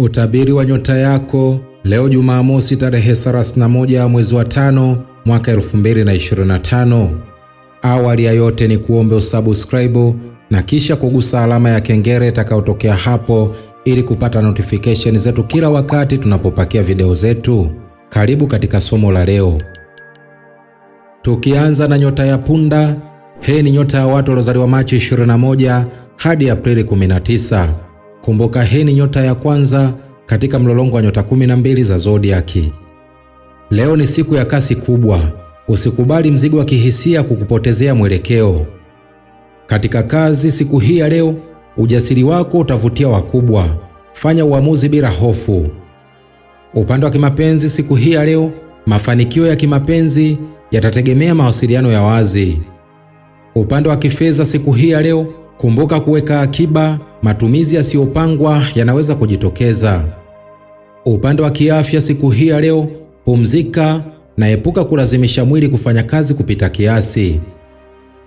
Utabiri wa nyota yako leo Jumamosi tarehe 31 ya mwezi wa tano mwaka 2025. Awali ya yote ni kuombe usubscribe na kisha kugusa alama ya kengele itakayotokea hapo ili kupata notification zetu kila wakati tunapopakia video zetu. Karibu katika somo la leo. Tukianza na nyota ya punda, hii ni nyota ya watu waliozaliwa Machi 21 hadi Aprili 19. Kumbuka hii ni nyota ya kwanza katika mlolongo wa nyota 12 za zodiaki. Leo ni siku ya kasi kubwa. Usikubali mzigo wa kihisia kukupotezea mwelekeo. Katika kazi siku hii ya leo, ujasiri wako utavutia wakubwa. Fanya uamuzi bila hofu. Upande wa kimapenzi siku hii ya leo, mafanikio ya kimapenzi yatategemea mawasiliano ya wazi. Upande wa kifedha siku hii ya leo, Kumbuka kuweka akiba, matumizi yasiyopangwa yanaweza kujitokeza. Upande wa kiafya siku hii ya leo, pumzika na epuka kulazimisha mwili kufanya kazi kupita kiasi.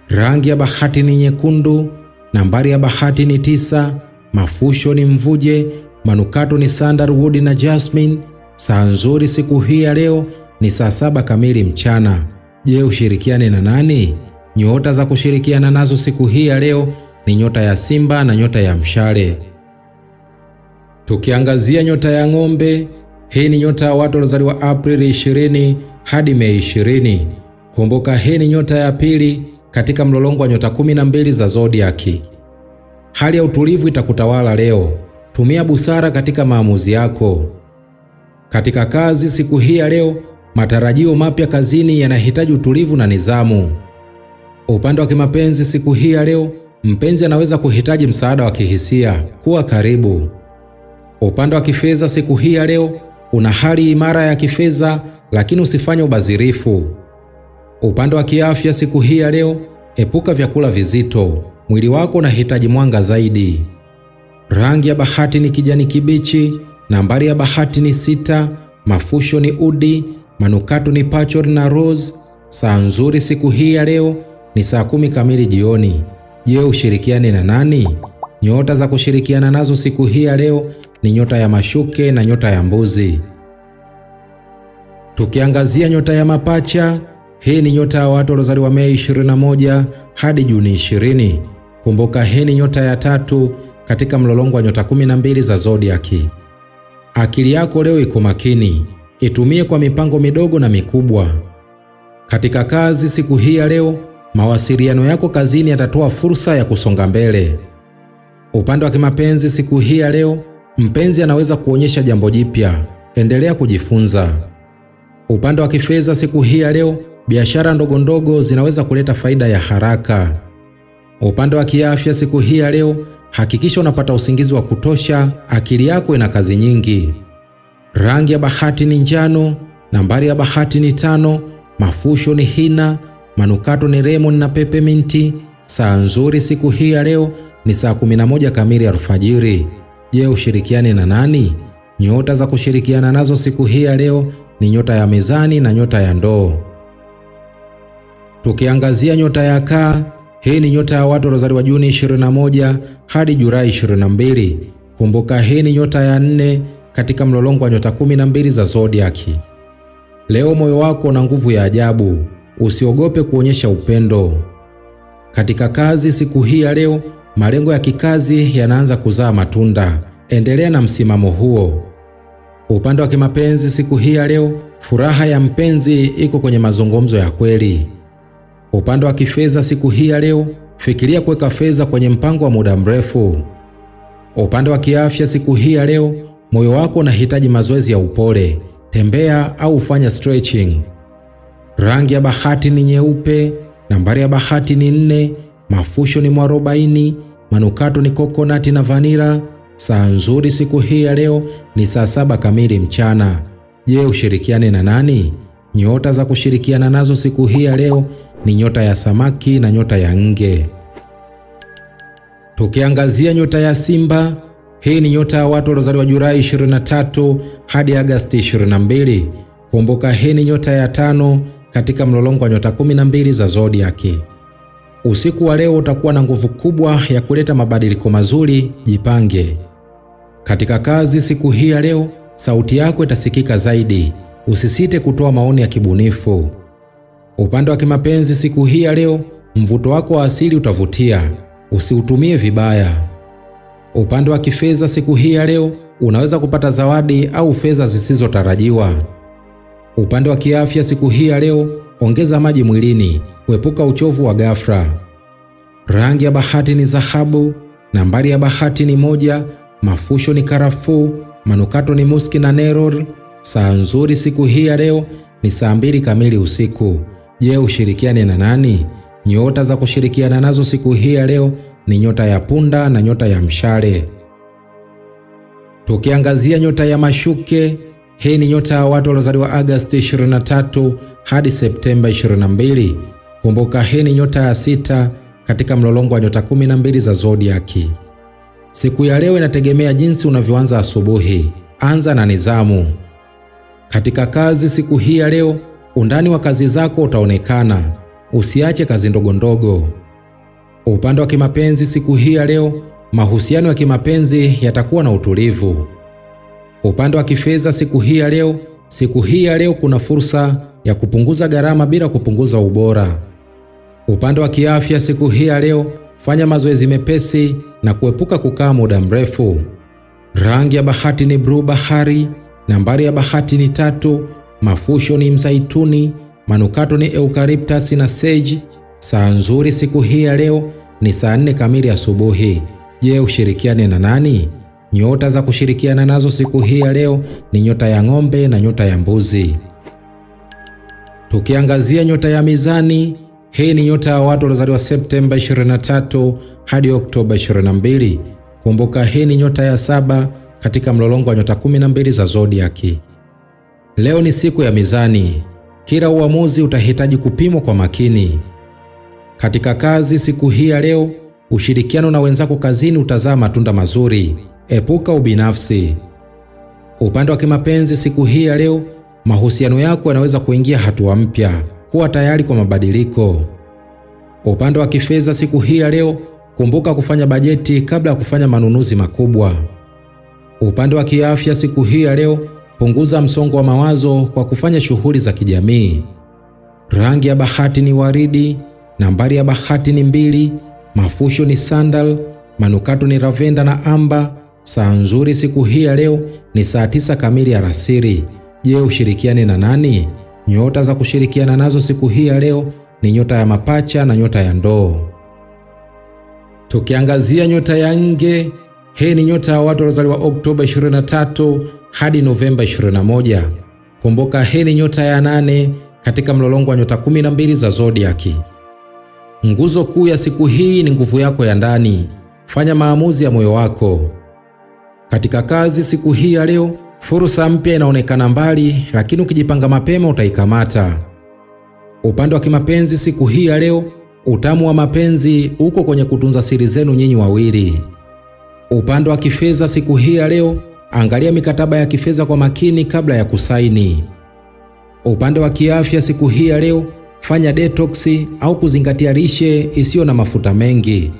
Rangi ya bahati ni nyekundu, nambari ya bahati ni tisa, mafusho ni mvuje, manukato ni sandalwood na jasmine. Saa nzuri siku hii ya leo ni saa saba kamili mchana. Je, ushirikiane na nani? Nyota za kushirikiana nazo siku hii ya leo ni nyota ya simba na nyota ya mshale. Tukiangazia nyota ya ng'ombe, hii ni nyota ya watu waliozaliwa Aprili 20 hadi Mei 20. Kumbuka, hii ni nyota ya pili katika mlolongo wa nyota 12 za zodiaki. Hali ya utulivu itakutawala leo. Tumia busara katika maamuzi yako. Katika kazi siku hii ya leo, matarajio mapya kazini yanahitaji utulivu na nidhamu. Upande wa kimapenzi siku hii ya leo, Mpenzi anaweza kuhitaji msaada wa kihisia, kuwa karibu. Upande wa kifedha, siku hii ya leo una hali imara ya kifedha, lakini usifanye ubadhirifu. Upande wa kiafya, siku hii ya leo, epuka vyakula vizito, mwili wako unahitaji mwanga zaidi. Rangi ya bahati ni kijani kibichi. Nambari ya bahati ni sita. Mafusho ni udi. Manukato ni pachor na rose. Saa nzuri siku hii ya leo ni saa kumi kamili jioni. Je, ushirikiane na nani? Nyota za kushirikiana nazo siku hii ya leo ni nyota ya mashuke na nyota ya mbuzi. Tukiangazia nyota ya mapacha, hii ni nyota ya watu waliozaliwa Mei 21 hadi Juni 20. Kumbuka, hii ni nyota ya tatu katika mlolongo wa nyota 12 za zodiaki. Akili yako leo iko makini, itumie kwa mipango midogo na mikubwa. Katika kazi siku hii ya leo mawasiliano yako kazini yatatoa fursa ya kusonga mbele. Upande wa kimapenzi, siku hii ya leo, mpenzi anaweza kuonyesha jambo jipya, endelea kujifunza. Upande wa kifedha, siku hii ya leo, biashara ndogondogo zinaweza kuleta faida ya haraka. Upande wa kiafya, siku hii ya leo, hakikisha unapata usingizi wa kutosha, akili yako ina kazi nyingi. Rangi ya bahati ni njano, nambari ya bahati ni tano, mafusho ni hina. Manukato ni lemon na minti Saa nzuri siku hii ya leo ni saa 11 kamili alfajiri. Je, ushirikiane na nani? Nyota za kushirikiana nazo siku hii ya leo ni nyota ya mezani na nyota ya ndoo. Tukiangazia nyota ya kaa, hii ni nyota ya watu waliozaliwa Juni 21 hadi Julai 22. Kumbuka, hii ni nyota ya nne katika mlolongo wa nyota 12 za zodiaki. Leo moyo wako na nguvu ya ajabu usiogope kuonyesha upendo. Katika kazi siku hii ya leo, malengo ya kikazi yanaanza kuzaa matunda. Endelea na msimamo huo. Upande wa kimapenzi siku hii ya leo, furaha ya mpenzi iko kwenye mazungumzo ya kweli. Upande wa kifedha siku hii ya leo, fikiria kuweka fedha kwenye mpango wa muda mrefu. Upande wa kiafya siku hii ya leo, moyo wako unahitaji mazoezi ya upole, tembea au fanya stretching rangi ya bahati ni nyeupe, nambari ya bahati ni nne, mafusho ni mwarobaini, manukato ni kokonati na vanira. Saa nzuri siku hii ya leo ni saa saba kamili mchana. Je, ushirikiane na nani? Nyota za kushirikiana nazo siku hii ya leo ni nyota ya samaki na nyota ya nge. Tukiangazia nyota ya Simba, hii ni nyota ya watu waliozaliwa Julai 23 hadi Agasti 22. Kumbuka, hii ni nyota ya tano katika mlolongo wa nyota mbili za zodiaki. Usiku wa leo utakuwa na nguvu kubwa ya kuleta mabadiliko mazuri, jipange. Katika kazi siku hii ya leo, sauti yako itasikika zaidi, usisite kutoa maoni ya kibunifu. Upande wa kimapenzi siku hii ya leo, mvuto wako wa asili utavutia, usiutumie vibaya. Upande wa kifedha siku hii ya leo, unaweza kupata zawadi au fedha zisizotarajiwa. Upande wa kiafya siku hii ya leo, ongeza maji mwilini kuepuka uchovu wa ghafla. Rangi ya bahati ni dhahabu. Nambari ya bahati ni moja. Mafusho ni karafuu. Manukato ni muski na neror Saa nzuri siku hii ya leo ni saa mbili kamili usiku. Je, ushirikiane na nani? Nyota za kushirikiana nazo siku hii ya leo ni nyota ya punda na nyota ya mshale. Tukiangazia nyota ya mashuke hii ni nyota ya watu waliozaliwa Agosti 23 hadi Septemba 22. Kumbuka, hii ni nyota ya sita katika mlolongo wa nyota 12 za zodiaki. Siku ya leo inategemea jinsi unavyoanza asubuhi. Anza na nidhamu katika kazi. Siku hii ya leo, undani wa kazi zako utaonekana. Usiache kazi ndogondogo. Upande wa kimapenzi, siku hii ya leo, mahusiano ya kimapenzi yatakuwa na utulivu. Upande wa kifedha siku hii ya leo, siku hii ya leo kuna fursa ya kupunguza gharama bila kupunguza ubora. Upande wa kiafya siku hii ya leo, fanya mazoezi mepesi na kuepuka kukaa muda mrefu. Rangi ya bahati ni bluu bahari. Nambari ya bahati ni tatu. Mafusho ni mzaituni. Manukato ni eucalyptus na sage. Saa nzuri siku hii ya leo ni saa nne kamili asubuhi. Je, ushirikiane na nani? Nyota za kushirikiana nazo siku hii ya leo ni nyota ya ng'ombe na nyota ya mbuzi. Tukiangazia nyota ya Mizani, hii ni nyota ya watu waliozaliwa Septemba 23 hadi Oktoba 22. Kumbuka, hii ni nyota ya saba katika mlolongo wa nyota 12 za zodiaki. Leo ni siku ya Mizani. Kila uamuzi utahitaji kupimwa kwa makini. Katika kazi siku hii ya leo, ushirikiano na wenzako kazini utazaa matunda mazuri epuka ubinafsi. Upande wa kimapenzi, siku hii ya leo, mahusiano yako yanaweza kuingia hatua mpya. Kuwa tayari kwa mabadiliko. Upande wa kifedha, siku hii ya leo, kumbuka kufanya bajeti kabla ya kufanya manunuzi makubwa. Upande wa kiafya, siku hii ya leo, punguza msongo wa mawazo kwa kufanya shughuli za kijamii. Rangi ya bahati ni waridi. Nambari ya bahati ni mbili. Mafusho ni sandal. Manukato ni ravenda na amba. Saa nzuri siku hii ya leo ni saa tisa kamili alasiri. Je, ushirikiane na nani? Nyota za kushirikiana nazo siku hii ya leo ni nyota ya mapacha na nyota ya ndoo. Tukiangazia nyota ya nge, hii ni nyota ya watu waliozaliwa Oktoba 23 hadi Novemba 21. Kumbuka, hii ni nyota ya nane katika mlolongo wa nyota 12 za zodiaki. Nguzo kuu ya siku hii ni nguvu yako ya ndani. Fanya maamuzi ya moyo wako. Katika kazi siku hii ya leo, fursa mpya inaonekana mbali, lakini ukijipanga mapema utaikamata. Upande wa kimapenzi siku hii ya leo, utamu wa mapenzi uko kwenye kutunza siri zenu nyinyi wawili. Upande wa kifedha siku hii ya leo, angalia mikataba ya kifedha kwa makini kabla ya kusaini. Upande wa kiafya siku hii ya leo, fanya detoksi au kuzingatia lishe isiyo na mafuta mengi.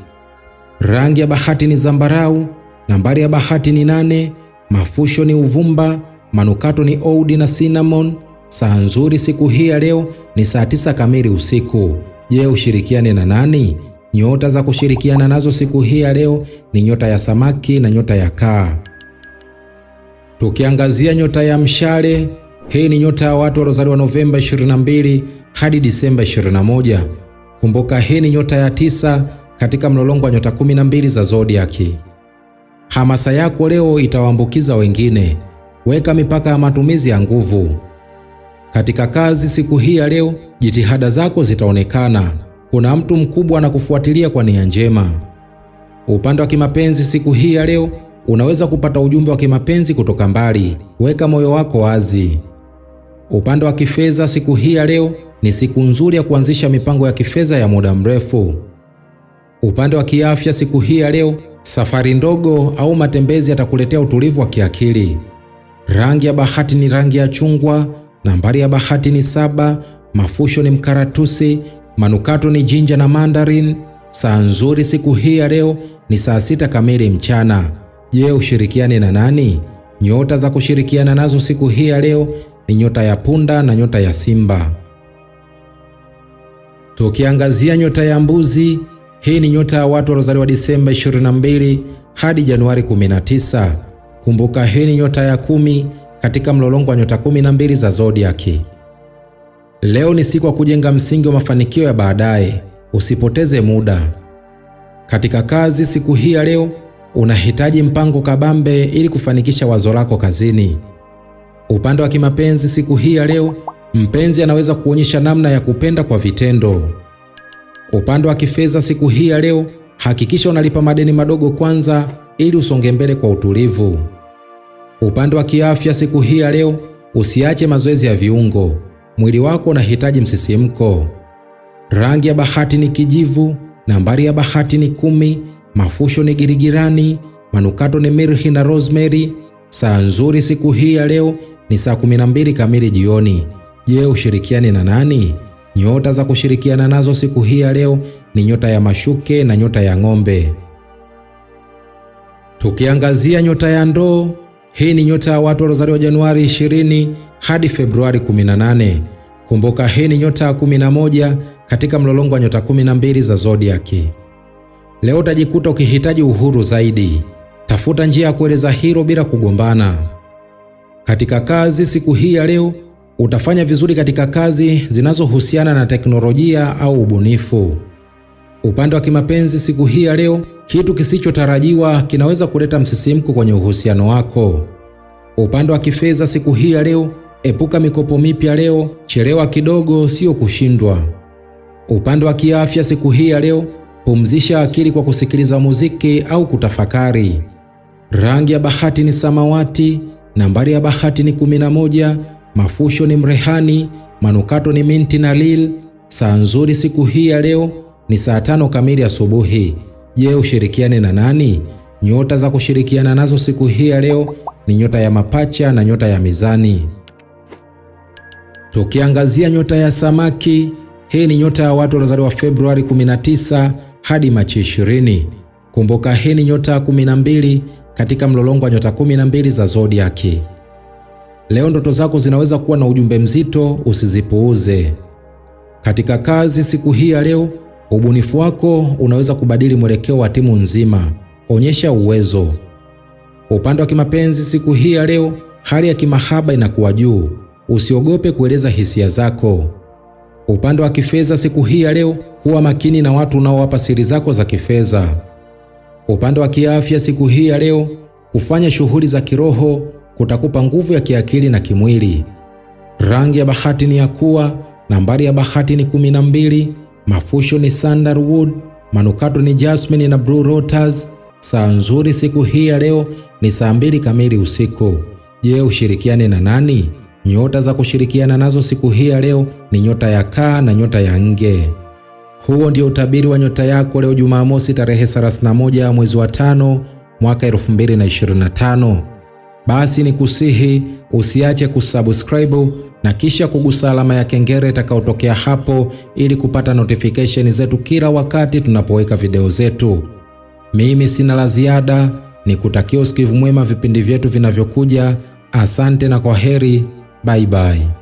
Rangi ya bahati ni zambarau. Nambari ya bahati ni nane. Mafusho ni uvumba, manukato ni oudi na cinnamon. Saa nzuri siku hii ya leo ni saa tisa kamili usiku. Je, ushirikiane na nani? Nyota za kushirikiana nazo siku hii ya leo ni nyota ya samaki na nyota ya kaa. Tukiangazia nyota ya mshale, hii ni nyota ya watu waliozaliwa Novemba 22 hadi Disemba 21. Kumbuka, hii ni nyota ya tisa katika mlolongo wa nyota 12 za zodiaki. Hamasa yako leo itawaambukiza wengine. Weka mipaka ya matumizi ya nguvu katika kazi. Siku hii ya leo, jitihada zako zitaonekana. Kuna mtu mkubwa anakufuatilia kwa nia njema. Upande wa kimapenzi, siku hii ya leo, unaweza kupata ujumbe wa kimapenzi kutoka mbali. Weka moyo wako wazi. Upande wa kifedha, siku hii ya leo, ni siku nzuri ya kuanzisha mipango ya kifedha ya muda mrefu. Upande wa kiafya, siku hii ya leo Safari ndogo au matembezi yatakuletea utulivu wa kiakili. Rangi ya bahati ni rangi ya chungwa, nambari ya bahati ni saba, mafusho ni mkaratusi, manukato ni jinja na mandarin. Saa nzuri siku hii ya leo ni saa sita kamili mchana. Je, ushirikiane na nani? Nyota za kushirikiana nazo siku hii ya leo ni nyota ya punda na nyota ya simba. Tukiangazia nyota ya mbuzi, hii ni nyota ya watu waliozaliwa Disemba 22 hadi Januari 19. Kumbuka, hii ni nyota ya kumi katika mlolongo wa nyota 12 za zodiaki. Leo ni siku ya kujenga msingi wa mafanikio ya baadaye. Usipoteze muda katika kazi. Siku hii ya leo unahitaji mpango kabambe ili kufanikisha wazo lako kazini. Upande wa kimapenzi, siku hii ya leo, mpenzi anaweza kuonyesha namna ya kupenda kwa vitendo. Upande wa kifedha siku hii ya leo, hakikisha unalipa madeni madogo kwanza ili usonge mbele kwa utulivu. Upande wa kiafya siku hii ya leo, usiache mazoezi ya viungo, mwili wako unahitaji msisimko. Rangi ya bahati ni kijivu, nambari ya bahati ni kumi, mafusho ni girigirani, manukato ni mirhi na rosemary. Saa nzuri siku hii ya leo ni saa 12 kamili jioni. Je, ushirikiane na nani? Nyota za kushirikiana nazo siku hii ya leo ni nyota ya mashuke na nyota ya ng'ombe. Tukiangazia nyota ya ndoo, hii ni nyota ya watu waliozaliwa Januari 20 hadi Februari 18. Kumbuka, hii ni nyota ya 11 katika mlolongo wa nyota 12 za zodiaki. Leo utajikuta ukihitaji uhuru zaidi. Tafuta njia ya kueleza hilo bila kugombana. Katika kazi siku hii ya leo utafanya vizuri katika kazi zinazohusiana na teknolojia au ubunifu. Upande wa kimapenzi siku hii ya leo, kitu kisichotarajiwa kinaweza kuleta msisimko kwenye uhusiano wako. Upande wa kifedha siku hii ya leo, epuka mikopo mipya leo, chelewa kidogo sio kushindwa. Upande wa kiafya siku hii ya leo, pumzisha akili kwa kusikiliza muziki au kutafakari. Rangi ya bahati ni samawati, nambari ya bahati ni moja mafusho ni mrehani, manukato ni minti na lil. Saa nzuri siku hii ya leo ni saa tano kamili asubuhi. Je, ushirikiane na nani? Nyota za kushirikiana nazo siku hii ya leo ni nyota ya mapacha na nyota ya mizani. Tukiangazia nyota ya samaki, hii ni nyota ya watu waliozaliwa Februari 19 hadi Machi 20. Kumbuka, hii ni nyota ya 12 katika mlolongo wa nyota 12 za zodiaki. Leo ndoto zako zinaweza kuwa na ujumbe mzito, usizipuuze. Katika kazi siku hii ya leo, ubunifu wako unaweza kubadili mwelekeo wa timu nzima. Onyesha uwezo. Upande wa kimapenzi siku hii ya leo, hali ya kimahaba inakuwa juu. Usiogope kueleza hisia zako. Upande wa kifedha siku hii ya leo, kuwa makini na watu unaowapa siri zako za kifedha. Upande wa kiafya siku hii ya leo, kufanya shughuli za kiroho kutakupa nguvu ya kiakili na kimwili. Rangi ya bahati ni ya kuwa, nambari ya bahati ni kumi na mbili, mafusho ni sandalwood, manukato ni jasmine na blue roses. Saa nzuri siku hii ya leo ni saa mbili kamili usiku. Je, ushirikiane na nani? Nyota za kushirikiana nazo siku hii ya leo ni nyota ya kaa na nyota ya nge. Huo ndio utabiri wa nyota yako leo Jumamosi tarehe 31 ya mwezi wa tano mwaka 2025 basi ni kusihi usiache kusubscribe na kisha kugusa alama ya kengele itakayotokea hapo ili kupata notification zetu kila wakati tunapoweka video zetu. Mimi sina la ziada, ni kutakia usikivu mwema vipindi vyetu vinavyokuja. Asante na kwa heri, bye bye.